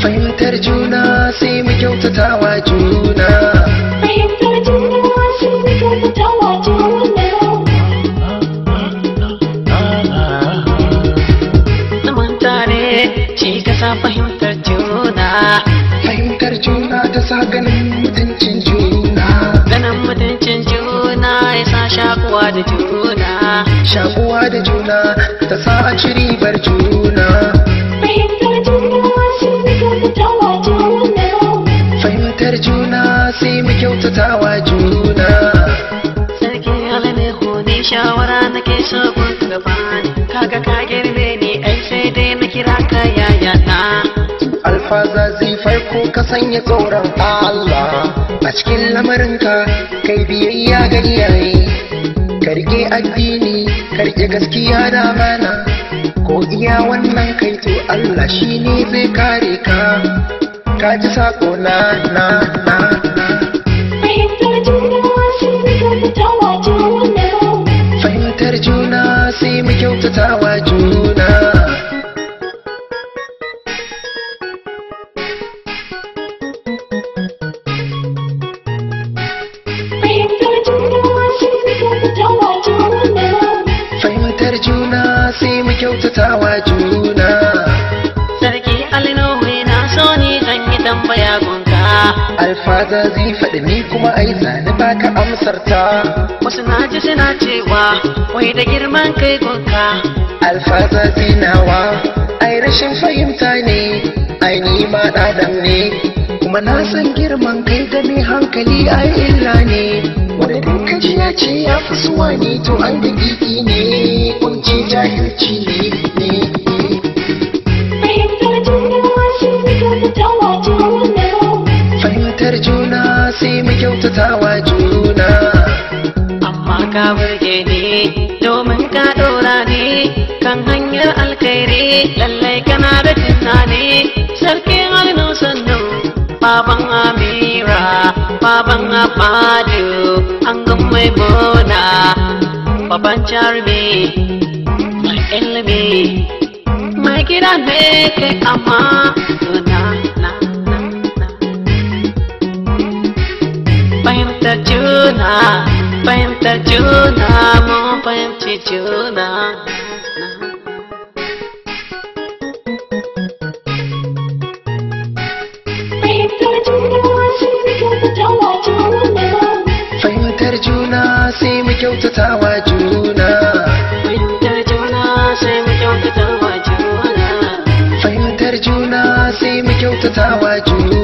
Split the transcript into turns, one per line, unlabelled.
fahimtar juna sai mu kyautata wa juna fahimtar juna
fahimtar juna ta sa ganin mutuncin juna ganin mutuncin juna ya sa shakuwa da
juna shakuwa da juna ta sa a ci bar juna fahimtar juna sai mu kyautata wa juna sarki halame ne ne shawara nake ke gun gaba kaga ka girme ni ai sai dai na kira ka yaya na alfaza zai farko ka sanya tsoron Allah a cikin lamarinka kai biyayya ga iyaye karge addini karge gaskiya da amana ko iya wannan kai to Allah shi ne zai kare ka ka ji sako na na na fahimtar juna sai mu kyautata wa juna tambaya gunka alfaza zai faɗi ni kuma ai zani baka amsarta wasu na ji suna cewa wai da girman kai gunka alfaza zinawa ai rashin fahimta ne ai ni ma ɗaɗam ne kuma na san girman kai da mai hankali ai illa ne wanda duka ya ce ya fi suwa ne to an da ne kunci jahilci kaunar juna sai mu kyautatawa juna amma ka burge
ni domin ka dora ni kan hanyar alkhairi lallai kana da tunani sarkin alnu sannu baban amira baban abadu an gan mai bona baban jarumi, mai ilimi mai gida ne kai amma fahimtar juna fahimtar juna mun fahimci juna
fahimtar juna sai mu kyautata juna fahimtar juna sai mu kyautata fahimtar juna sai mu kyautata juna